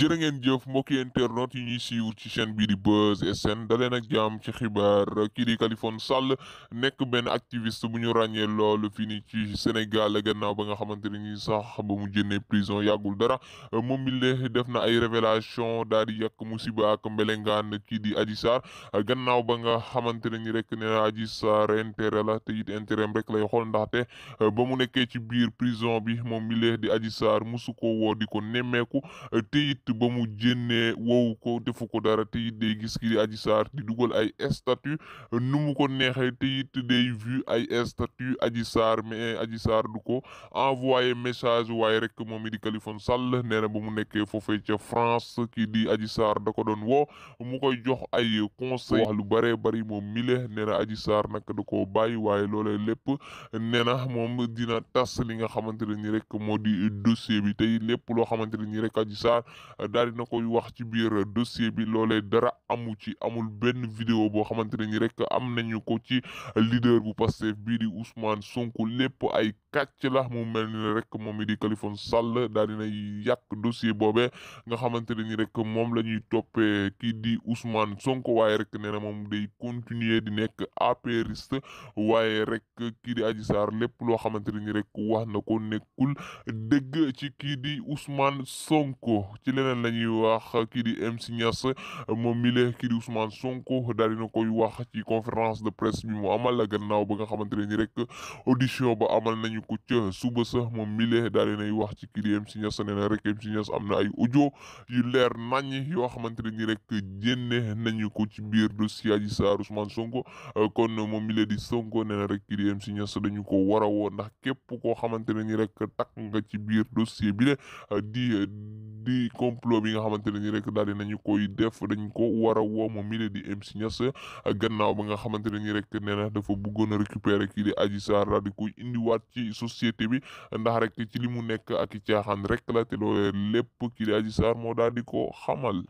jërë ngeen jëf mbokki internautes yi ñuy siiw ci chaîne bii di Buzz SN daleen ak jàmm ci xibaar kii di Kaliphone Sall nekk benn activiste bu ñu ràññee loolu fii ni ci Sénégal gannaaw ba nga xamante ne nii sax ba mu génnee prison yagul dara moom mi le def na ay révélation daal di yàq musiba ak mbelengaan kii di Adji Sarr gannaaw ba nga xamante ne ni rek nee na Adji Sarr intérêt la te it intérêt rek lay xool ndaxte ba mu nekkee ci biir prison bi moom mi le di aji Sarr musu ko woo di ko te it it ba mu jénnee wowu ko defu ko dara te it day gis kii di Adji Sarr di dugal ay statut nu mu ko neexee te it day vu ay statut aji Sarr mais Adji Sarr du ko envoyé message waaye rek moom it di Kaliphone Sall nee na ba mu nekkee foofee ca France kii di aji Sarr da ko doon woo mu koy jox ay conseil lu bare bari moom mile nee aji Adji Sarr nag da koo bàyyi waaye loolee lépp nee na moom dina tas li nga xamante ne ni rek moo di dossier bi tey lépp loo xamante ne ni rek Adji Sarr daal ko koy wax ci biir dossier bi loolee dara amu ci amul benn vidéo boo xamante ne ni rek am nañu ko ci leader bu Pastef bii di Ousmane Sonko lépp ay kàcc mu mel rek moom mi di Kalifone Sall daal dina yàq dossier boobee nga xamante ne ni rek moom la ñuy toppee kii di Ousmane Sonko waaye rek nee moom day continuer di nekk apériste waaye rek kii di Adji Sarr loo xamante ne ni rek wax na ko nekkul dëgg ci kii di Ousmane Sonko leneen la ñuy wax kii di MC Niass moom mile kii di Ousmane Sonko daal dina koy wax ci conférence de presse bi mu amal la gannaaw ba nga xamante ne ni rek audition ba amal nañu ko ca suba sax moom mile daal dinay wax ci kii di MC Niass nee na rek MC Niass am na ay audio leer nañ yoo xamante ne ni rek jénne nañu ko ci biir dossier ji saar Ousmane Sonko kon moom mile di Sonko nee rek kii di MC Niass dañu ko war a ndax képp koo xamante ne ni rek takk ci biir dossier bi di di complot i nga xamante ne ni rek daal di ko koy def dañ ko war a woo mu mile di MC Niass gannaaw ba nga xamante ne ni rek nee na dafa bëggoon a récupérer kii di Adji Sarr daal di koy indiwaat ci société bi ndax rek ci li mu nekk ak i caaxaan rek la te loolee lépp kii di Adji Sarr moo daal di ko xamal